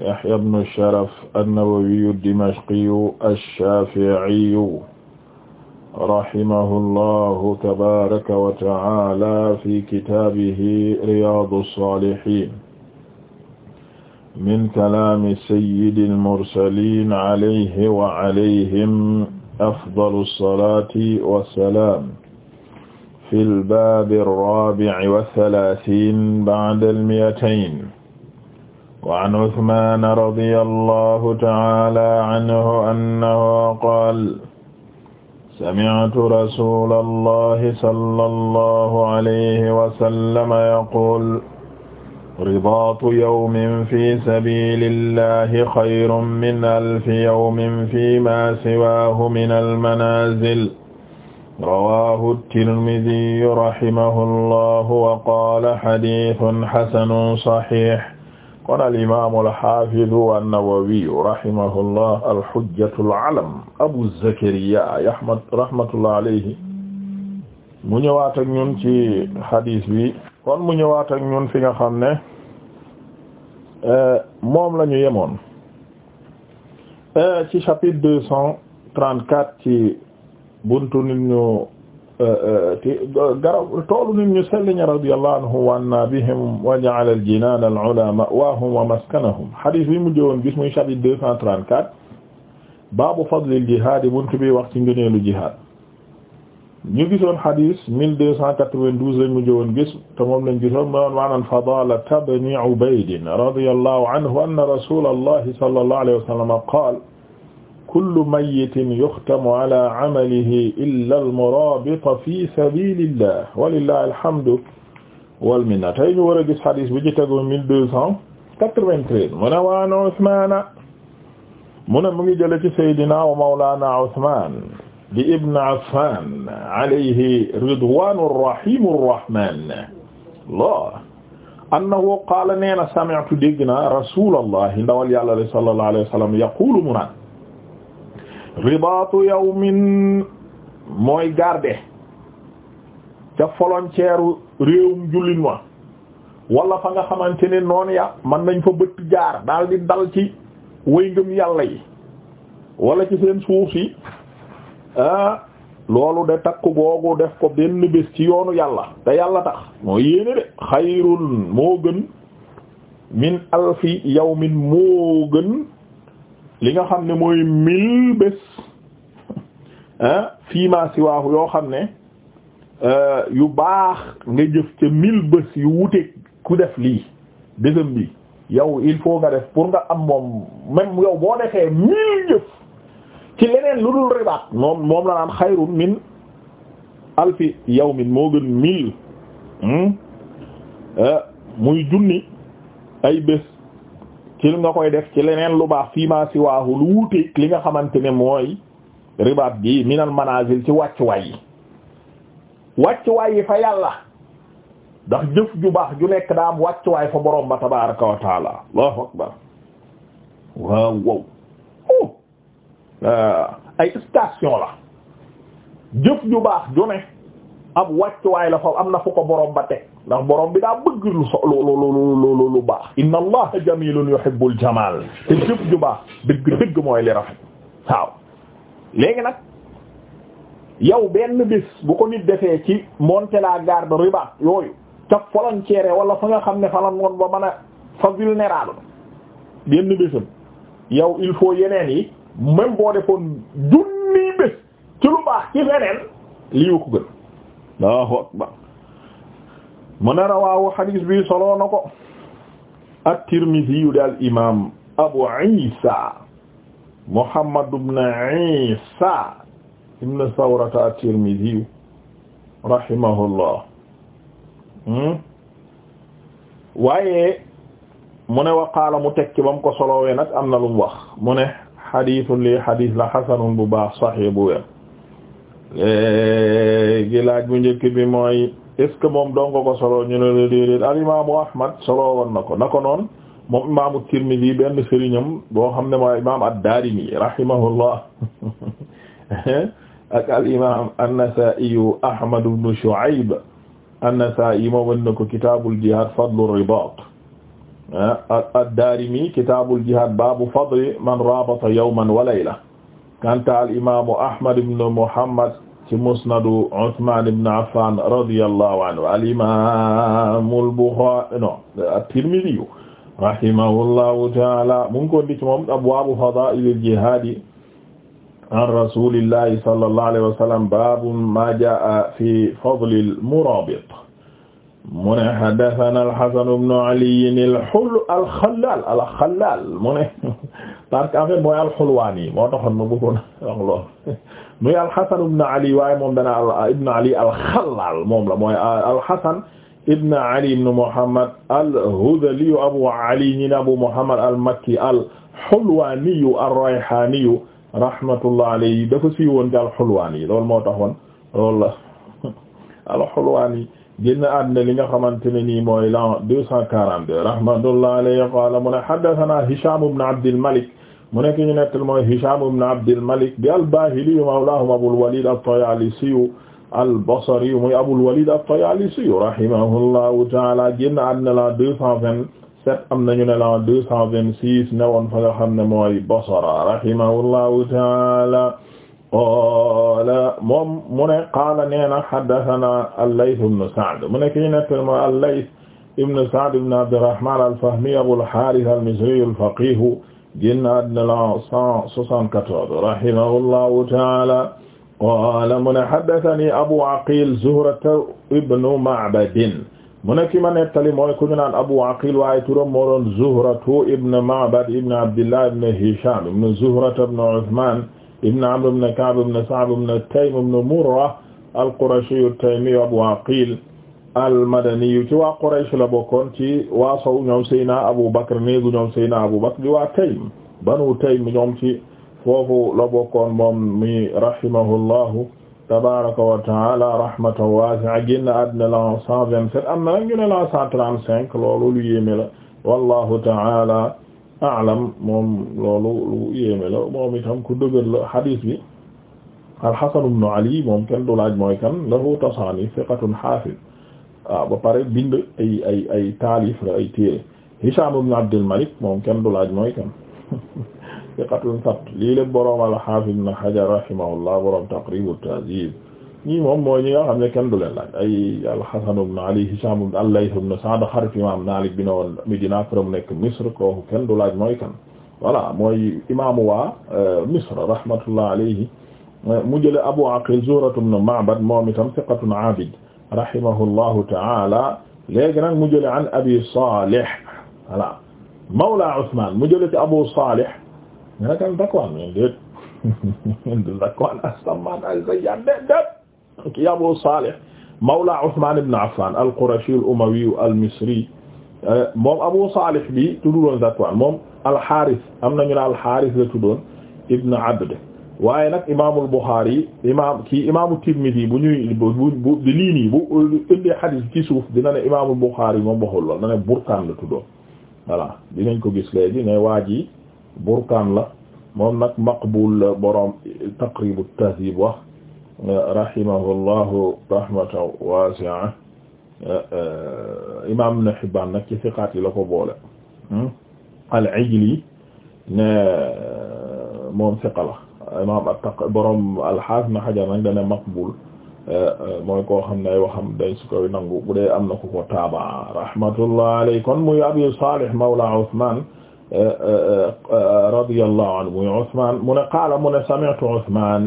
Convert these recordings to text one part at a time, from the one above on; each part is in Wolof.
Yahya ibnu Sharaf an-Nawawiyu ad-Dimashqiyu ash-Shaafi'iyu rahimahullahu tabaaraka wa ta'aala fi kitaabihi Riyaadu s-Saalihiin min kalaami sayyidil mursaliin alayhi wa alayhim afdalu s-salaati wa s-salaam fil baabi r-raabi'i wa s-salaasiina ba'da l-mi'atayn wa an Usmaan radiyallahu ta'aala anhu annahu qaala sami'tu rasuulallahi sallallahu alayhi wa sallam yaquulu ribaatu yawmin fi sabiilillahi xayrun min alfi yawmin fiimaa siwaahu minal manaazil rawaahu at-Tirmidhiyyu rahimahullaahu wa qaala hadiisun hasanun sahiih kon al imaam al haafiz an-Nawawi rahimahullah al hujjatul Abu Zakariya ahmad rahmatullah mu ñëwaat ak ñun ci hadis bi kon mu ñëwaat ak ñun fi nga xam ne euh, moom la ñu yemoon euh, ci chapitre deux cent trente-quatre ci buntun nit ñu garab toolu nit ñu sell ñi radiyallahu anhu wa anna bihim wa ja'ala al-jinaan al-'ulaa ma'waahum wa maskanahum hadith bi mu jëwoon gis muy chapitre deux cent trente-quatre baabu fadli al-jihaad buntu bi wax ci ngëneelu jihaad ñu gisoon hadith mille deux cent quatre-vingt-douze lañ mu jëwoon gis te moom lañ gisoon mu doon maanaam Fadaala ibn Ubayd radiyallahu anhu anna rasuulallahi sallallahu alayhi wa sallam qaala kullu mayyitin yuxtamu ala amalihi illa almurabita fi sabilillah walillahi alhamdu wal minna tey ñu war a gis xadis bi ci tegu mille deux cent quatre-vingt-treize mu ne waan Usmaana mu ne mu ngi jële ci Seydina wa Mawlaana Usmaan di Ibn Affaan alayhi ridwaanu rahiimu rahmaan Allah annahu qaala nee na sami'tu dégg naa rasuulallahi ndawal yàlla sallallahu alayhi wa sallam yaquulu mu naan ribaatu yawmin mooy garde ca frontière réewum jullit ma wala fa nga xamante ne noon ya mën nañ fa bët jaar daldi di dal ci wéy ngëm yàlla yi wala ci seen suuf si ah, loolu de takk googu def ko benn bés ci yoonu yàlla te yàlla tax moo yéene de xayrun moo gën min alfi yawmin moo gën li nga xam ne mooy mil bés fii ma siwaahu yoo xam ne euh, yu baax nga jëf ca mil bés yu wuteeg ku def lii bésam bi yow il faut nga def pour nga am moom même yow boo defee mil jëf ci leneen lu dul ribaat moom moom la naan xayrun min alfi yawmin moo gën mil hmm, euh, muy junni ay bés ci nga koy def ci leneen lu baax fii maa si waahu lu wuute li nga xamante ne mooy ribaat bi minal manazil ci wàccuwaay yi wàccuwaay yi fa yàlla ndax jëf ju baax ju nekk daa am wàccuwaay fa borom ba tabaraka wa taala allahu akbar waaw waaw oh. ah, ay station la jëf ju baax ju ne ab wàccuwaay la fa am na fu ko borom ba teg ndax borom bi daa lu baax inna allaha jamilun yuhibbul jamal te jëf ju baax dëgg dëgg mooy li nag yow benn bis bu ko nit defee ci monter la garde riba yooyu ca frontière wala fa nga xam ne falan woon ba mën fa vulnérable benn bésam yow il faut yeneen yi même boo defoon junni ci lu baax ci leneen lii ko akbar mu ne rawaahu xadiis bi solo na ko at-Tirmidhi yu daal Abu Isa Muhammad ibn Isa ibn Sawrata at-Tirmidhi rahimahullah hmm? waaye mu ne wa qaala mu tekki ba ko solowee nag am na lu mu wax mu ne xadiisun lii xadiis la xasanun bu baax saxiix bu wér léegi laaj bi mooy est-ce que moom donga ko solo ñu ne la déedéet al imaamu Ahmad solo woon na ko na ko noon moom imaamu Tirmidhi benn sëriñam boo xam ne mooy imaam ad-Daarimi rahimahullah ak al imaam an-Nasaa'i Ahmad ibn Shu'ayb an-Nasaa'i moom indi na ko kitaabul jihaad fadlu ribaat ak ah, ad-Daarimi kitaabul jihaad baabu fadli man raabata yawman wa layla kanta al imaamu Ahmad ibn Muhammad ci musnadu Usmaan ibn Affaan radiyallahu anhu al-imaam al-Buxaari no at-Tirmidi rahimahullahu ta'aala mu ngi ko ndi ci moom abwaabu fadaa'il al-jihaad an rasuulillahi sallallahu alayhi wa sallam baabu maa jaa'a fii fadli al-muraabit mu ne haddasanaa al-Hasan ibn Ali al-Hull al-Xallaal al-Xallaal mu ne parce que en fait mooy alxulwaan yi moo taxoon ma bëggoon a wax lool muy alxasan ibn ali waaye moom dana al ibn ali alxalaal moom la mooy alxasan ibn ali ibn muhammad alhudali abu ali ñi ne abu muhammad almakki alxulwaaniyu alrayhaaniyu rahmatullah alayhi dafa siiwoon ci alxulwaan yi loolu moo taxoon loolu la alxulwaan yi génn àddina li nga xamante ne nii mooy l'an deux cent quarante-deux rahmatullah alayhi qaala mu ne haddathana hisham ibn abdil malik mu nekk ñu nettal mooy Hisham ibn Abdil Malik bi al-Bahili mawlahum Abul Walid at-Tayalisi al-Basri muy Abul Walid at-Tayalisi rahimahullahu ta'ala génn àddina la 227 am nañu ne la 226 newoon fa nga xam ne mooy Basra rahimahullahu ta'ala qala moom mu ne qaala neena haddathana al-Layth ibn Sa'd mu nekk ñu nettal mooy al-Layth ibn Sa'd ibn Abdirrahman al-Fahmi Abul Harith al-Misri al-Faqih ginnaat na la 174 rahimahullahu ta'ala qaala mu ne haddathani Abu Aqil Zuhra ibn Ma'bad mu ne ki ma nettali mooy ku ñu naan Abu Aqil waaye turam moo doon Zuhra ibn Ma'bad ibn Abdillah ibn Hisham ibn Zuhra ibn Uthman ibn Amr ibn Ka'b ibn Sa'd ibn Taym ibn Murra al-Qurashi at-Taymi Abu Aqil almadaniyu ci waa Quraysh la bokkoon ci waa sow ñoom Seyna Abu Bakr néegu ñoom Seyna Abu Bakr di waa Taym banu Taym ñoom ci foofu la bokkoon moom mi rahimahullahu tabaraka wa taala rahmatan wasi'a génn àddina la cent vingt-sept am na ñu ne la cent trente-cinq loolu lu yéeme la wallahu taala a'lam moom loolu lu yéeme la moom itam ku dëgër la hadis bi al-Hasan ibn Ali moom kenn du laaj mooy kan lahu tasaani thiqatun hafiz waaw ba pare bind ay ay ay taalif la ay téere Hisham ibn Abdul Malik moom kenn du laaj mooy kan fiqatun sabt lii lépp boroom al-Hafiz ibn Hajar rahimahullah boroom Taqrib at-Tahdhib ñii moom mooy ñi nga xam ne kenn du leen laaj ay al-Hasan ibn Ali Hisham ibn al-Layth ibn Sa'd xarit imam Malik bi ne woon Medina après mu nekk Misr kooku kenn du laaj mooy kan voilà mooy imaamu waa euh, Misr rahmatullah alayhi mu jële Abu Aqil Zuhra ibn Ma'bad moom itam fiqatun abid rahimahullahu ta'ala léegi nag mu jële an abi salih voilà mawla Usman mu jële ci abu salih nga ne kan Zakwaan men déet du Zakwaan as-Sammaan az-Zayyaan déet déet ki abu salih mawla Usman ibn Affan al-Qurashi al-Umawi al-Misri euh, moom abu salih bi tuddoon Zakwaan moom al-Haaris am nañu ne al-Haaris la tuddoon ibn Abd waaye nag imaamul Buxaari imaam kii imaamu Tirmidi bu ñuy bu di lii nii bu indee xadiis ci suuf dina ne imaamul Buxaari moom waxul lool dana ne burkaan la tuddoon voilà dinañ ko gis léegi ne waa ji burkaan la moom nag maqbul la borom taqribu tahdib wax rahimahullahu rahmatan wasi'a imaam Ibn Hibbaan nag ci siqaat yi la ko boole hmm? al-Ijli ne moom siqa la imam attaq borom alxaas na xajar nag dana maqbul eh, eh, mooy koo xam ne ay waxam dañ si koy nangu bu dee am na ku ko taaba rahmatullah alay kon muy abi salih mawla Usman eh, radiyallahu anhu muy Usman mu ne qaala mu ne sami'tu Usman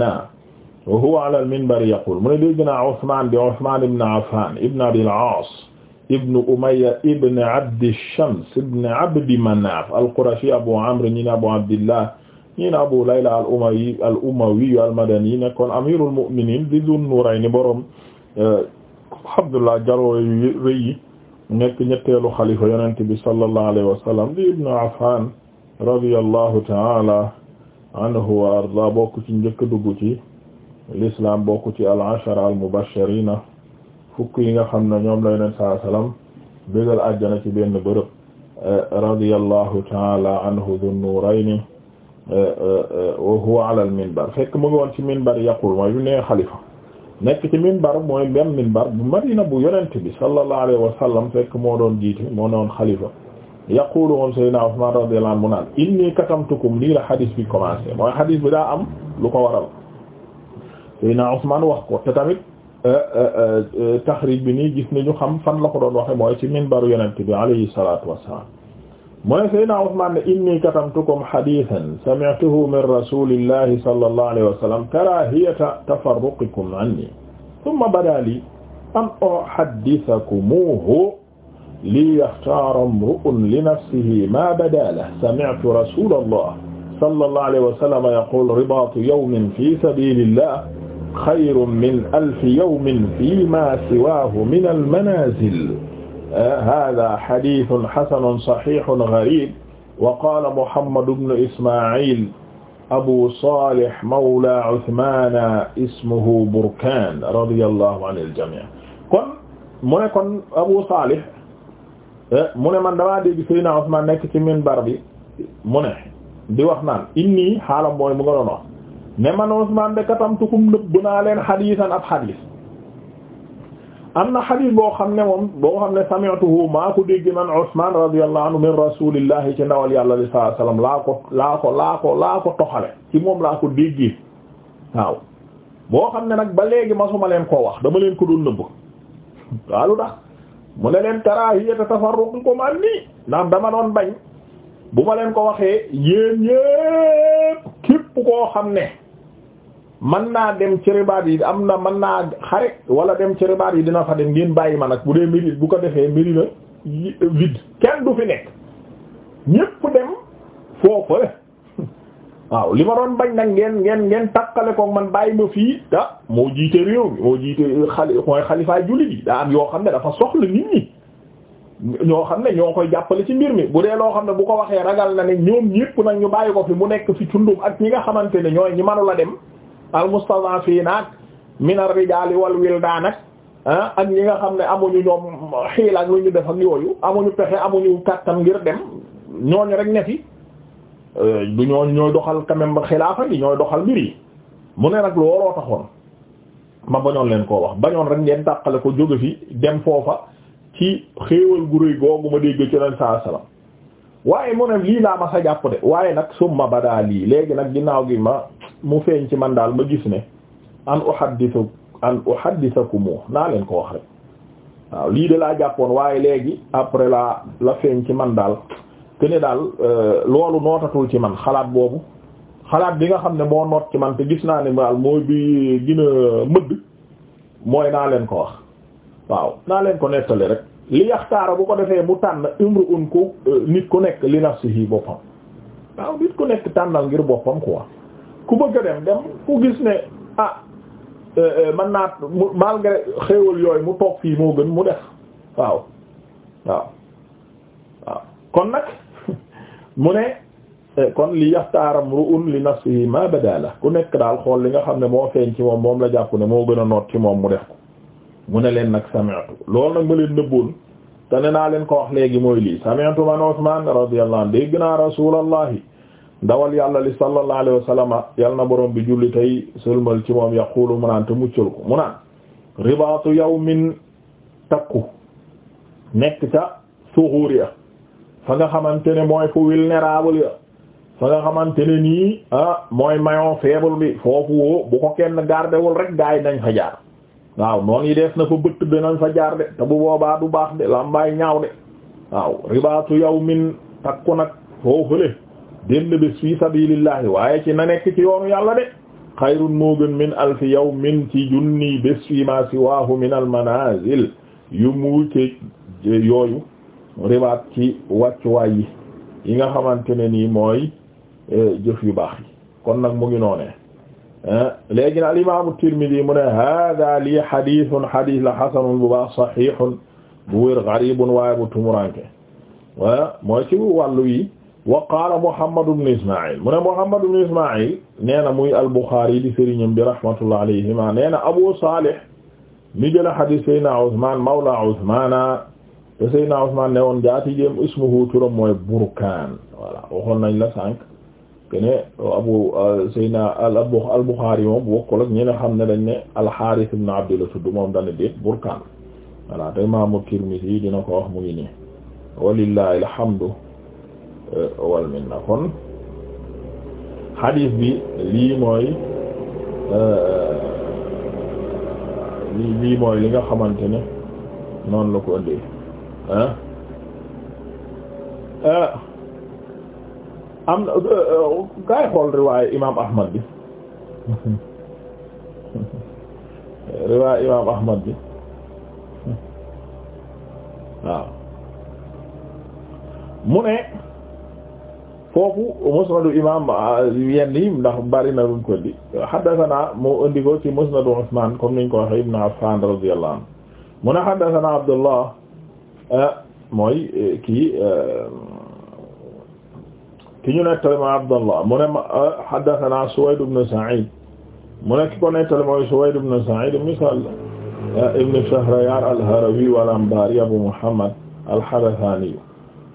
wa huwa ala al-minbar yaqul mu ne dégg naa Usman di Usman ibn Affan ibn Abil Aas ibn Umayya ibn Abdi Shams ibn Abdi Manaf al-Qurashi Abu Amr ñi ne Abu Abdillah ñii na Abu Layla al Umawi al Umawi al Madani amirul mu'minin di Dun Nurayni borom eh, Abdullah jaro yu rëy yi nekk ñetteelu xalifa yonent bi sallallahu alayhi wa sallam di Ibnu ta'ala anhu wa arda bokk ci njëkk dugg ci l'islam bokk ci al ashara al mubashirina fukk yi nga xam ne ñoom la yonent saa sallam bégal àjjana ci benn bërëb eh, radiyallahu ta'ala anhu Dun Nurayni Euh, euh, euh, wa huwa ala al minbar fekk mu ngi woon ci minbar yaqul mooy bu nee xalifa nekk ci minbar mooy benn minbar bu madina bu yonent bi sallallahu alayhi wa fekk moo doon jiite moo doon xalifa yaqulu moom sayyidina Usman radiyallahu anhu naan inni katamtukum lii la xadis bi commencé mooy xadis bi daa am lu ko waral sayyidina Usman wax ko te tamit taxrij bi nii gis ni nañu xam fan la ko doon waxe mooy ci minbaru yonent bi alayhi salatu wassalam mooy Seydina Usmaan ne inni katamtukum hadiisan sami'tuhu min rasuulillahi sallallahu alayhi wa sallam karaahiyata tafarruqikum anni thumma badaa lii an uhaddithakuumuhu liyahtaara imru'un linafsihi maa badaa lahu sami'tu rasuulallahi sallallahu alayhi wa sallam yaquulu ribaatu yawmin fii sabiilillahi xayrun min alfi yawmin fiimaa siwaahu minal manaazil haaza hadiisun hasanun sahiihun gariib wa qaala Muhammad ibn Ismaa'iil abu Saalih mawlaa Usmaana ismuhu Burkaan radiyallaahu anil jamii' kon mu ne kon abu Saalih mu ne man damaa dégg Seydina Usmaan nekk ci minbar bi mu ne di wax naan inni xaalam mooy mu nga doon wax ne man Usmaan de katamtukum nëbb naa leen hadiisan ab hadiis am na xadiis boo xam ne moom boo xam ne sami'tuhu maa ko dégg man Usmaan radiyallahu anhu min rasuulillahi ci ndawal yàlla sallallahu alayhi wasallam laa ko laa ko laa ko laa ko toxale ci moom laa ko déggee waaw boo xam ne nag ba léegi masuma leen ko wax dama leen ko doon nëbb waaw lu tax mu ne leen karaahiyata tafarruqukum anni ndax dama doon bañ bu ma leen ko waxee yéen yépp képp koo xam ne man naa dem ci ribaat yi am na man naa xare wala dem ci ribaat yi dina fa dem ngeen bàyyi ma nag bu dee mairie bu ko defee mairie la vide kenn du fi nekk ñépp dem foofu waaw li ma doon bañ nag ngeen ngeen ngeen takkale ko man bàyyi ma fii ah moo jiite réew mi moo jiite xali mooy xalifaay jullit yi daa yoo xam ne dafa soxla nit ñi ñoo xam ne ñoo koy jàppale ci mbir mi bu dee loo xam ne bu ko waxee ragal na ne ñoom ñépp nag ñu bàyyi ko fi mu nekk fi tundum ak ñi nga xamante ne ñooy ñi manu la dem almustadaafiinaak min ar-rijaali wal wildaan ak ak ñi nga xam ne amuñu ñoom xiil ak lu ñu def ak yooyu amuñu pexe amuñu kàttan ngir dem ñooñu rek ne fi euh, du ñooñu doxal quand même xilaafa gi ñooy doxal mbir yi mu ne nag looloo taxoon ma bañoon leen koo wax bañoon rek ngeen tàqale ko jóge fi dem foofa ci xéewal gu rëy googu ma dégg ci leen saa salaam waaye mu ne lii laa ma sa jàpp de waaye nag summa badaa lii léegi nag ginnaaw gi ma mu feeñ ci man daal ma gis ne an uhaddithu an uhaddithakum naa leen ko wax rek waaw lii de laa jàppoon waaye léegi après laa la feeñ ci man daal te ne daal euh, loolu nootatul ci man xalaat boobu xalaat bi nga xam ne moo noot ci man te gis naa ne daal mooy bi gën mëdd mooy naa leen ko wax waaw naa leen ko nettali rek li yaxtaara bu ko defee bu tànn umru un ku euh, nit ku nekk li nafsihi boppam waaw nit ku nekk tànnal ngir boppam quoi ku bëgg a dem dem ku gis ne ah euh, euh, man naat malgré xéewal yooyu mu toog fii moo gën mu def waaw waaw waaw kon nag mu ne euh, kon li yaxtaaram ru'un li nafsihi ma badala ku nekk daal xool li nga xam ne moo feeñ ci moom moom la jàpp ne moo gën a noot ci moom mu def ko mu ne leen nag sami'tu loolu nag ma leen nëbboon te ne naa leen ko wax léegi mooy lii sami'tu man Usman radiyallahu anhu dégg naa rasulallahi ndawal yàlla li sallallahu alayhi wa sallam na borom bi julli tey sëlmal ci moom yaqulu mu naan te muccal ko mu naan ribaatu yawmin takku nekk ca suxuur ya fa nga xamante ne mooy fu vulnérable ya fa nga xamante ne nii ah, mooy maillon faible bi foofu woo bu ko kenn gardewul rek gaa nañ fa jaar waaw noonu yi dees na fa bëtt de nañ fa jaar de te bu boobaa du baax de lambaay ñaaw de waaw ribaatu yawmin takku nag foo fële benn bés fii sabilillahi waaye ci na nekk ci yoonu yàlla de xayrun moo gën min alfi yawmin ci junni bés fii ma siwaahu min al yu mu yooyu ribaat ci wàccuwaay yi yi nga xamante ne nii mooy eh, jëf yu baax kon nag mu ngi noonee eh, léegi na al imaamu Tirmidi mu ne hada lii xadithun la xasanun bu baax saxihun bu wér garibun waaye bu tumuranke wa eh, mooy ci wàllu yi wa qaala Muhammad ibn Ismaïl mu ne Muhammad ibn Ismaïl nee na muy al-Bukhari di sëriñam bi rahmatullah alayhima nee na Abu Salih mi jëla hadis Seydina Usman mawla Usmana te Seydina Usman ne woon jaati jéem ismuhu turam mooy Burkaan voilà waxoon nañ la sànq que ne Abu Seydina al-Bukhari moom bokkul ak ñi nga xam ne dañ ne al-Harith ibn Abd la tudd moom dañ ne déet Burkaan voilà te Imam Tirmidhi dina ko wax mu ngi nii walillahi alhamdu wal minna kon xadiis bi lii mooy euh, lii mooy li nga xamante ne noonu la ko ëndee euh, am na euh, kaay xool riwaayu imaam Ahmad bi riwaayu imaam Ahmad bi waaw mu ne foofu musnadu imam ah, yenn yi ndax bari na luñ ko di haddathana moo indi ko ci musnadu Usman comme niñ ko waxee ibn Affan radiyallahu anhu mu ne haddathana Abdullah ah, mooy eh, kii eh, ki ñu nettali ma Abdullah mu ne ah, haddathana Suwayd ibn Sa'id mu ne ki ko nettali mooy Suwayd ibn Sa'id misal ibn Shahriyar al-Harawi wal-Anbari Abu Muhammad al-Hadathani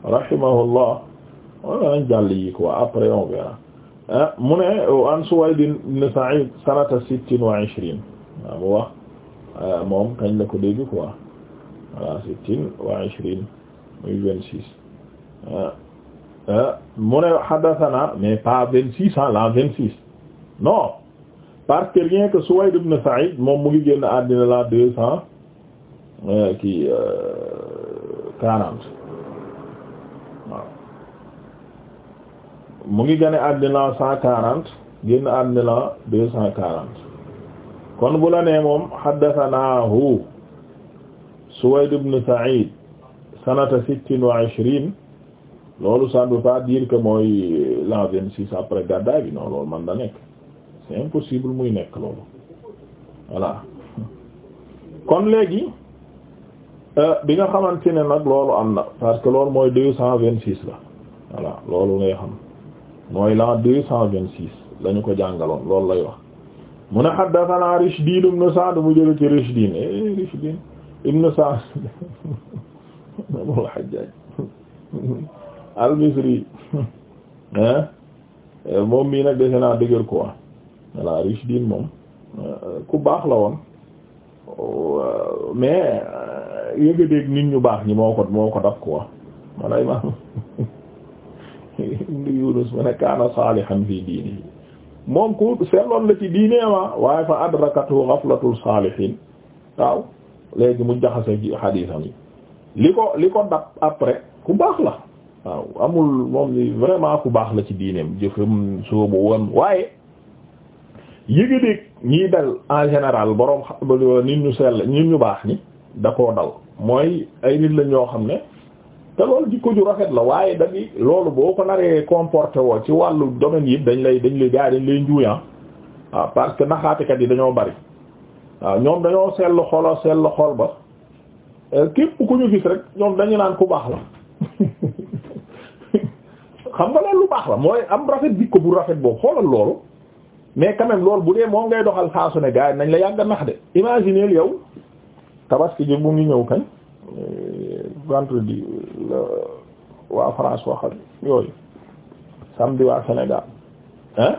rahimahullah wanañ jàll yi quoi après on verra ah, mu ne euh, an Suwayd ibn Sa'id sanata sittin wa ishrin waaw ah, mu wax ah, moom kañ la ko dégg quoi voilà sittin wa ishrin mu ne hadathana mais pas vingt six ans la vingt six non parce que rien que Suwayd ibn Sa'id moom mu ngi génn àddina la deux cent euh, kii euh, quarante mu ngi gane àddina cent quarante génn àddina deux cent kon bu la nee moom haddathanaahu Suwayd ibn Sa'id sanata sittin wa ishrine loolu sa ne veut pas dire que mooy l'an vingt-six après gàddaay bi non loolu man da nekk c'est impossible muy nekk loolu voilà kon léegi euh, bi nga xamante ne nag loolu am na parce que loolu mooy deux cent vingt-six la voilà loolu ngay xam mooy la deux cent vingt six la ko jàngaloon loolu lay wax mu ne haddathana Rishdin ibn Sa'd mu jële ci Rishdin eh Rishdin ibn Sa'd Abul Hajjaj al-Misri eh, moom mii nag dese naa dëgër quoi voilà Rishdin moom euh, ku baax la woon euh, mais euh, yëga dégg nit ñu baax ñi moo ko moo ko daf quoi wala imaam ibnu Yunus mu ne kaana saalihan fii diini moom selloon la ci diinee ma waaye fa adrakatu ghaflatul saalihin waaw léegi mu jaxase xadiisam yi li ko li ko dab après ku baax la waaw amul moom li vraiment ku baax la ci diineem jëfam soobu woon waaye yëgadéeg ñiy dal en général boroom nit ñu sell nit ñu baax ñi da koo dal mooy ay nit la ñoo xam ne te loolu jikko ju rafet la waaye dañuy loolu boo ko naree comporté woo ci wàllu domaine yi dañ lay dañ lay gars dañ lay njuuyaan ah. waaw parce que naxaatekat yi dañoo bari waaw ñoom dañoo seetlu xolo seetlu xol ba euh, képp ku ñu gis rek ñoom dañu naan ku baax la xam nga loolu lu baax la mooy am rafet jikko bu rafet boo xoolal loolu mais quand même loolu bu dee moo ngay doxal xaasu ne gaa yi nañ la yàgg a nax de imagineel yow tabaski ji mu ngi ñëw kañ euh, vendredi la waa France waxal yooyu samedi waa Sénégal hein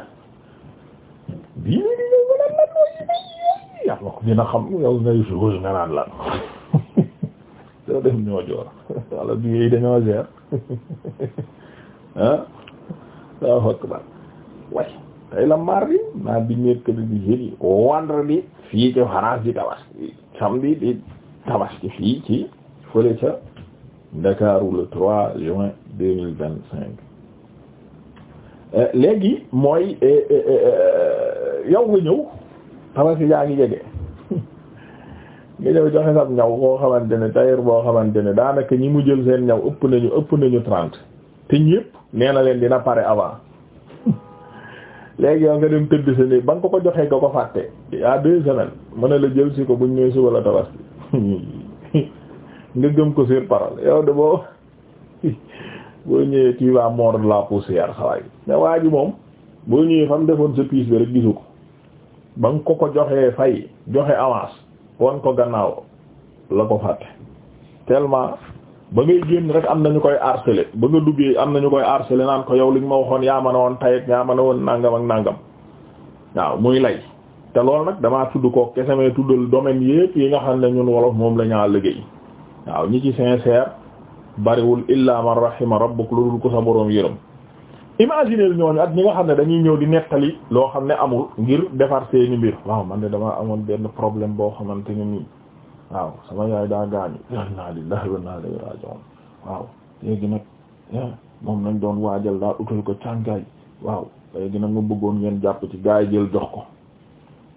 dina xam yow ngay joué nga naan lan doo dem ñoo joor walla bii yi dañoo gère hein daa fokk ba way tey la mardi mardi mercredi di jeudi vendredi fii ci France di tabaski samedi fii ci fële ca Ndakaaru le 3 juin 2025 euh, léegi mooy euh, euh, yow nga ñëw tabaski yaa ngi jege nga ñëw joxe sab ñaw koo xamante ne tailleur boo xamante ne daanaka ñi mu jël seen ñaw ëpp nañu ëpp nañu trente te ñépp nee na leen dina pare avant léegi yow nga dem tëdd sa néeg ba nga ko ko joxee nga ko fàtte à deux semaines mën a la jël si ko buñ ñëwee suba la tabaski nga gëm ko sur parole yow de boo boo ñëwee tu vas mordre la poussière saway mais waa ji moom boo ñëwee fa mu defoon sa pièce bi rek gisu ko ba nga ko ko joxee fay joxe avance wan ko gannaaw la ko fàtte tellement ba ngay génn rek am na ñu koy harceler ba nga duggee am na ñu koy harceler naan ko yow li ñu ma waxoon yaa ma a woon tayet yaa mën a woon nàngam ak nàngam waaw muy lay te loolu nag damaa tudd ko kese mais tuddal domaine yépp yi nga xam ne ñun wolof moom la ñaa liggéey waaw ñi ci sincère bariwul illa man rahima rabbuk lu dul ko sa boroom yërëm imagineel ñooñu ak ñi nga xam ne dañuy ñëw di nettali loo xam ne amul ngir defar seeni mbir waaw man ne damaa amoon benn problème boo xamante ne nii waaw sama yaay daa gaañu inna lillahi waaw léegi nag eh, moom nañ doon waajal daa utal ko càngaay waaw léegi nag mu bëggoon ngeen jàpp ci gaay jël jox ko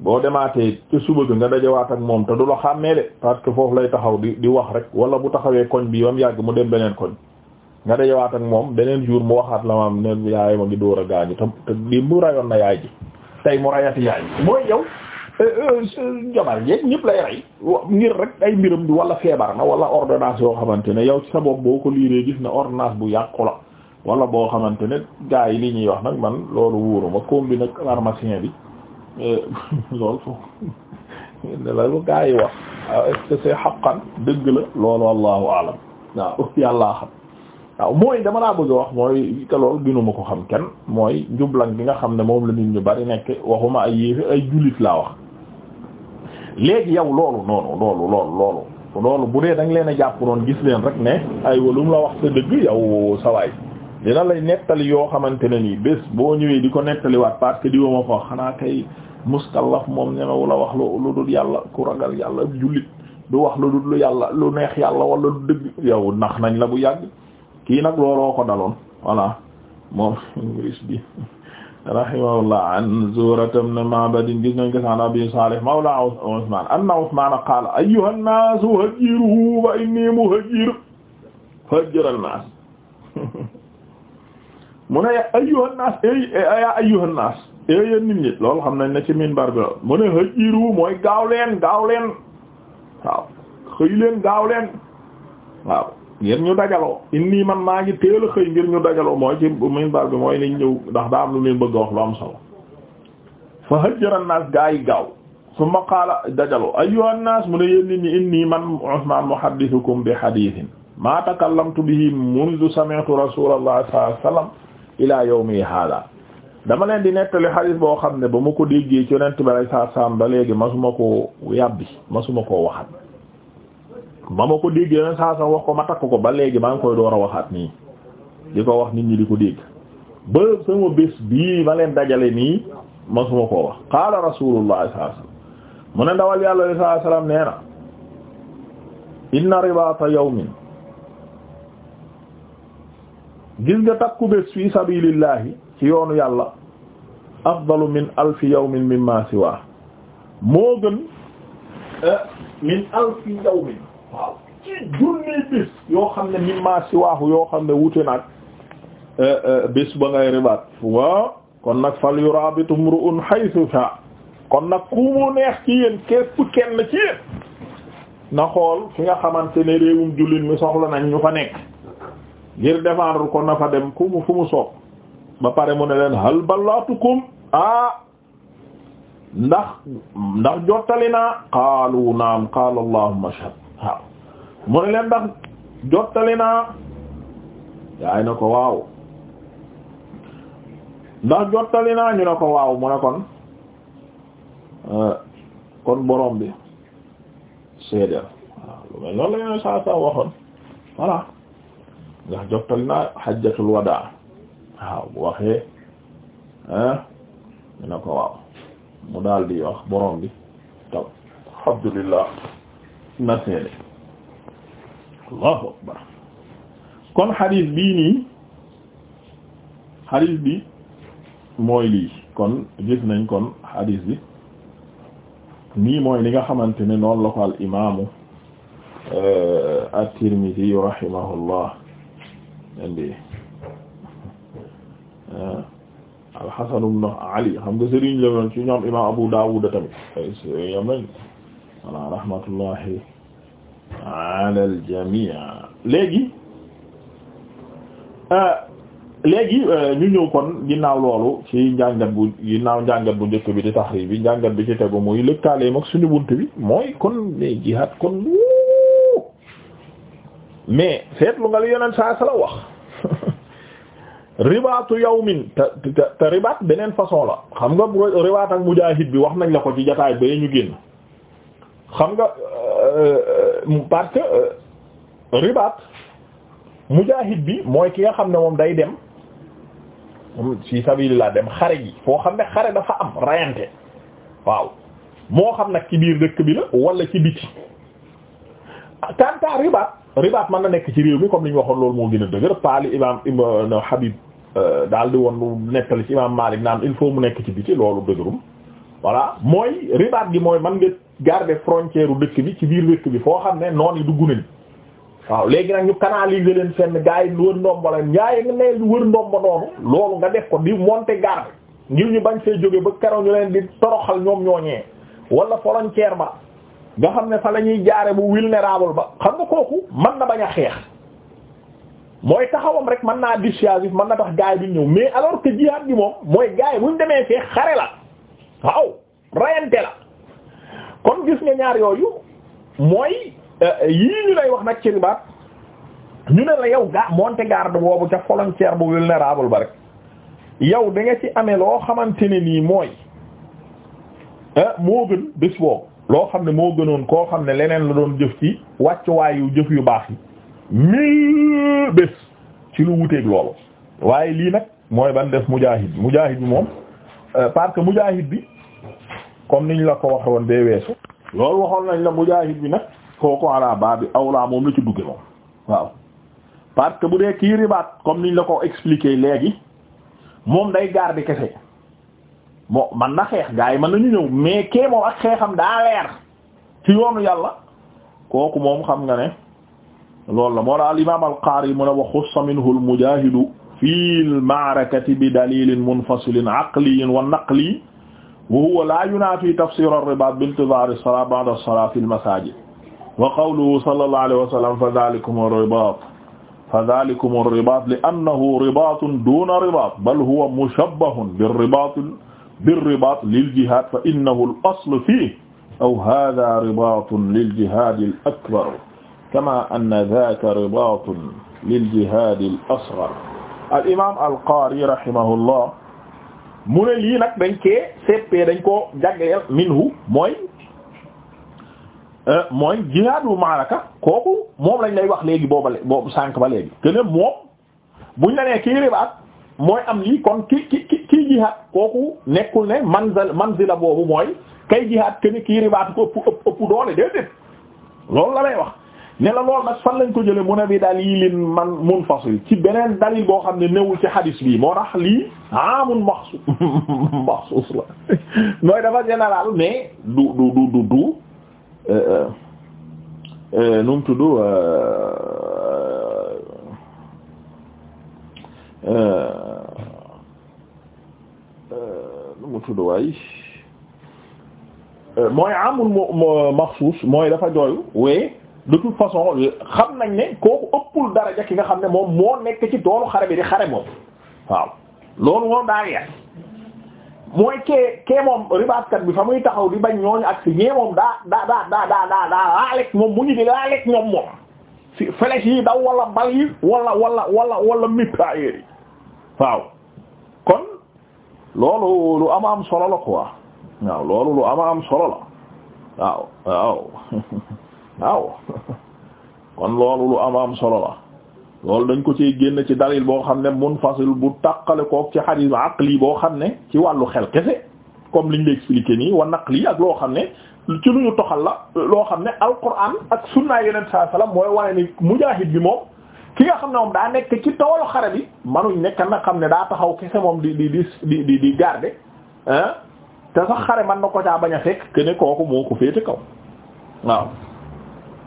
boo demaatee ca suba ga nga dajawaat ak moom te du la xàmmee de parce que foofu lay taxaw di di wax rek wala bu taxawee koñ bi yom yàgg mu dem beneen koñ nga dajawaat ak moom beneen jour mu waxaat la maam ne yaay ma ngi door a gaañu te te di mu rayoon na yaay ji tey mu rayati yaay mooy yow euh, euh, jabar yeeg ñëpp lay rey ngir rek ay mbiram di wala feebar na wala ordonnance yoo xamante ne yow ci sa bopp boo ko liiree gis na ordonnance bu yàqu la wala boo xamante ne gars yi li ñuy wax nag man loolu wóoruma koom bi nag pharmacien bi Euh, loolu foofu la lu gaa wax ah, est-ce que dëgg la loolu allahu alam waaw yàllaa xam waaw mooy dama laa bëgg a wax mooy te loolu gënuma ko xam kenn mooy njublan bi nga xam ne moom la nit ñu bari nekk waxuma ay yéefi ay jullit laa wax léegi yow loolu noonu loolu loolu loolu bu dee da leen a jàpp noonu gis leen rek ne ay walum la wax sa dëgg yow sa dina lay nettali yoo xamante ne nii bés boo ñëwee di ko nettaliwaat parce que di woo ma xanaa kay muskallaf moom ñemewu la wax lu dul yàlla ku ragal yàlla jullit du wax lu dul lu yàlla lu neex yàlla wala du dëgg yow nax nañ la bu yàgg kii nag looloo ko daloon voilà moom gris bi rahimahullah an Zuhra anna Usman qala ayyuha an fa inni muhajjir hajjir an-nas mu ne ayyuhan naas yaa ayyuhan naas yéen nit ñi loolu xam nañ ne ci minbar bi lool mu ne hajiru mooy gaaw leen gaaw leen waaw xëy leen gaaw leen waaw ngir ñu dajaloo inni man maa ngi teel a xëy ngir ñu dajaloo mooy ci minbar bi mooy niñ ñëw ndax daa am lu leen bëgg a wax lu am solo fa hajjara naas gaa yi gaaw summa qaala dajaloo ayyuhan naas mu ne yéen nit ñi inni man Usmaan muhaddithukum bi hadithin ma takallamtu bihi mundu sami'tu rasulullah sallallahu alayhi wasallam ila yawmi hada dama leen di nettali xadis boo xam ne ba ma ko déggee ci yonent bi alayhi salaatu salaam ba léegi masuma koo yàbbi masuma koo waxat ba ma ko déggee yonent saa sa wax ko ma takk ko ba léegi maa ngi koy door a waxaat nii di ko wax nit ñi di ko dégg ba sama bés bii ma leen dajale nii masuma koo wax qaala rasuulullahi sallallahu alayhi wasallam mu ne ndawal yàlla sallallahu alayhi nee na inna ribaata yawmin gis nga takku bés fii sabilillahi ci yoonu yàlla afdalu min alfi min mimma siwa moo gën eh, min alfi yawmin waaw ci bés yoo xam ne mimma siwaahu yoo xam ne wute nag eh, eh, bés ba ngay ribaat waaw kon nag fal yurabitu mru'un haythu sa kon nag ku mu neex ci yéen képp kenn ci na xool fi nga xamante ne réewum jullit mi soxla nañ ñu fa nekk ngir défendre ko na dem ku fu mu soob ba pare mu ne leen hal ballaatukum ah ndax ndax jottali naa qaalu naam qaala allahumma shahad waaw mu ne leen ndax jottali naa yaay na ko waaw ndax jottali naa ñu ne ko waaw mu ne kon eh, kon borom bi seedeel waaw lu mel loolu la ñu saa ndax jottali naa hajjatul wadaa waaw bu waxee ah ñu waaw mu daal di wax borom bi taw alhamdulillah na seede allahu akbar kon xadis bii nii xadis bi mooy lii kon gis nañ kon xadis bi nii mooy li nga xamante ne noonu la ko al imaamu eh, at-Tirmidhi indi eh, al-Hasan ibn Ali xam nga sëriñ la woon ci ñoom imam Abu Dawud tamit yam nañ voilà rahmatullahi ala al-jami' léegi eh, léegi eh, ñu ñëw kon ginnaaw loolu ci njàngat bu ginnaaw njàngat bu njëkk bi di taxriib bi njàngat bi ci tegu muy lëkkaaleem ak suñu bunt bi mooy kon mais jihaad kon mais seetlu nga li yonent saa sala wax ribaatu yawmin te te ribaat beneen façon la xam nga ribaat ak mujaahid bi wax nañ la ko ci jataay ba ñu génn xam nga euh, euh, parce que euh, ribaat mujaahid bi mooy ki nga xam ne moom day dem ci sabilillah dem xare gi foo xam ne xare dafa am rayante waaw moo xam nag ci biir dëkk bi la walla ci biti kanta ribaat ribaat mën na nekk ci réew mi comme li ñu waxoon loolu moo gën a dëgër paali imam ibn euh, Habib euh, daal di woon lu nettali ci imam Malik naan il faut mu nekk ci biti loolu dëgërum voilà mooy ribaat gi mooy man nga garde frontière u dëkk bi ci biir dëkk bi foo xam ne noon yi dugg nañ waaw léegi nag ñu canaliser leen fenn gars yi wër ndomba la ñaaye nga neel wër ndomba noonu loolu nga def ko di monter garde ngir ñu bañ fee jóge ba keroog ñu leen di toroxal ñoom ñooñee wala frontière ba nga xam ne fa la ñuy jaare bu vulnérable ba xam nga kooku man na bañ a xeex mooy taxawam rek mën naa dissuasif man na tax gaay bi ñëw mais alors que jihaad bi moom mooy gaay buñ demee fee xare la waaw rayante la kon gis nga ñaar yooyu mooy euh, yii ñu lay wax nag ci ribaat ñu ne la yow ga monter garde boobu ca frontière bu vulnérable ba rek yow danga ci amee loo xamante ni nii mooy euh, moo gën bés boobu loo xam ne moo gënoon koo xam ne leneen la doon jëf ci wàccuwaayu jëf yu baax yi mille bés ci lu wuteeg loolu waaye lii nag mooy ban def mujaahid mujaahid bi moom euh, parce que mujaahid bi comme niñ la ko waxe woon bee weesu loolu waxoon nañ la mujaahid bi nag kooku ala baa bi awlaa moom la ci dugge moom waaw parce que bu dee kii ribaat comme niñ la ko expliqué léegi moom day garder kese moo man na xeex gaa yi mën nañu ñëw mais kee moom ak xeexam daa leer ci yoonu yàlla kooku moom xam nga ne loolu la moo la al imaam al qaari mu ne wa xussa minhu al mujaahidu fi al ma'rakati bi dalilin munfasilin aqliyin wa naqli wa huwa la yunafi tafsir al ribaat bi intizaar al salaa ba'da al salaa fi al masaajid wa qawluhu sallallahu alayhi wa sallam fa dhalikum al ribaat fa dhalikum al ribaat li annahu ribaatun duuna ribaat bal huwa mushabbahun bir ribaat بالرباط للجهاد فإنه الأصل فيه أو هذا رباط للجهاد الأكبر كما أن ذاك رباط للجهاد الأصغر الإمام القاري رحمه الله mu ne lii nag dañ kee seppee dañ koo jagleel minhu mooy euh, mooy jihaadu maaraka kooku moom lañ lay wax léegi booba boobu sànq ba léegi que ne moom buñ la nee kii ribaat mooy am lii kon ki ki ki kii jihaad kooku nekkul ne manzal manzila boobu mooy kay jihaad que ni kii ribaatu ko ëpp ëpp doole déedéet loolu la lay wax ne la lool nag fan lañ ko jële mu ne bi dalilin man munfasil ci beneen dalil boo xam ne newul ci hadis bi moo tax lii amun maxsu maxsuus la mooy dafa général mais du du du du du euh, euh, euh, nu lu euh, euh, mu tudd waay euh, mooy amul mo maxsuus mooy dafa jooyu waaye de toute façon xam nañ ne kooku ëppul daraja ki nga xam ne moom moo nekk ci toolu xare bi di xare moom waaw loolu moom daa yees mooy ke kee moom ribaatkat bi fa muy taxaw di bañ ñooñu ak si ñee moom daa daa daa daa daa daa laalek moom mu ñu di laalek ñoom moom si flèche yi daw wala bal yi wala wala wala wala mitrailleur yi waaw kon loolu lu ama am solo la quoi waaw loolu lu ama am solo la waaw waaw kon loolu lu ama am solo la loolu dañ ko ci génn ci dalil boo xam ne munfasil bu tàqale kook ci hadith lii boo xam ne ci wàllu xel kese comme liñ la expliqué nii wa lii ak loo xam ne ci lu ñu toxal la loo xam ne alquran ak sunna yeneen saa salaam mooy waaye ni mujaahid bi moom ki nga xam ne moom daa nekk ci toolu xare bi manuñ nekk nag xam ne daa taxaw kese moom di di di di di garder ah sax xare man na ko caa bañ a fekk que kooku moo ko féete kaw waaw.